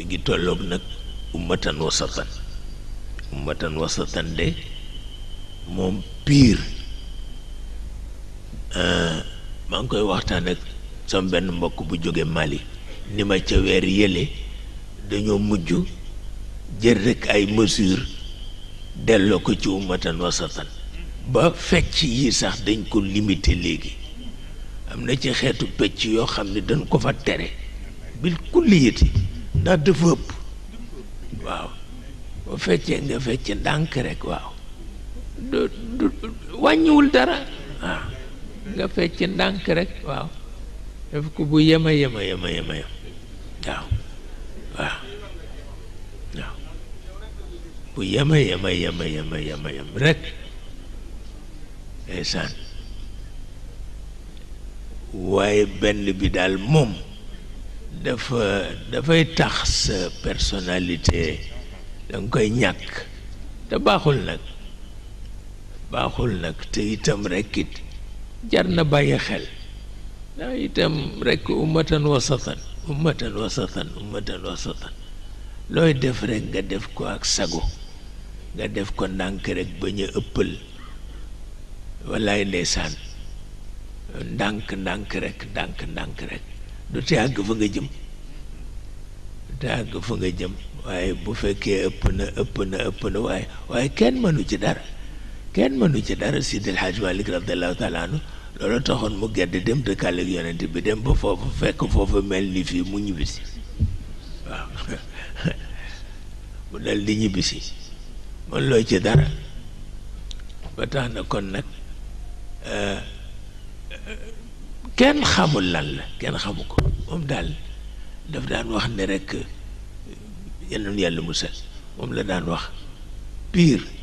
mi ngi tolloog nag ummatan wasatan ummatan wasatan de moom pire euh, maa ngi koy waxtaan ak sama benn mbokk bu jóge Mali ni ma ca weer yële dañoo mujj jël rekk ay mesures delloo ko ci ummatan wasatan ba fecc yi sax dañ ko limité léegi am na ci xeetu pecc yoo xam ne dañ ko fa tere bil kulliyati ndax dafa ëpp waaw bu feccee nga fecc ndànk rek waaw du du wàññiwul dara waaw nga fecc ndànk rek waaw def ko bu yema yema yema yema yem yema yema yema yema rek ndeysaan waaye benn bi daal moom dafa dafay tax sa personnalité danga koy ñàkk te baaxul nag baaxul nag te itam rekk jar na bàyyi xel ndax itam rekk ummatan wasatan ummatan wasatan ummatan wasatan looy def rekk nga def ko ak sago nga def ko ndànk rekk ba ñu ëppal walaay ndeysaan ndànk ndànk rekk ndànk ndànk rekk lu te àgg fa nga jëm du te àgg fa nga jëm waaye bu fekkee ëpp na ëpp na ëpp na waaye waaye kenn mënu ci dara kenn mënu ci dara Sidil Hadj Malick radiallahu loolu taxoon mu gedd dem dëkkaale ak yonent bi dem ba foofu fekk foofu mel ni fii mu ñibbisi waaw mu dal di ñibbisi mën loo ci dara ba tax na kon nag euh, كان خامل لان كان خامل ام دال داف دان واخ ني رك ينن موسى ام لا واخ بير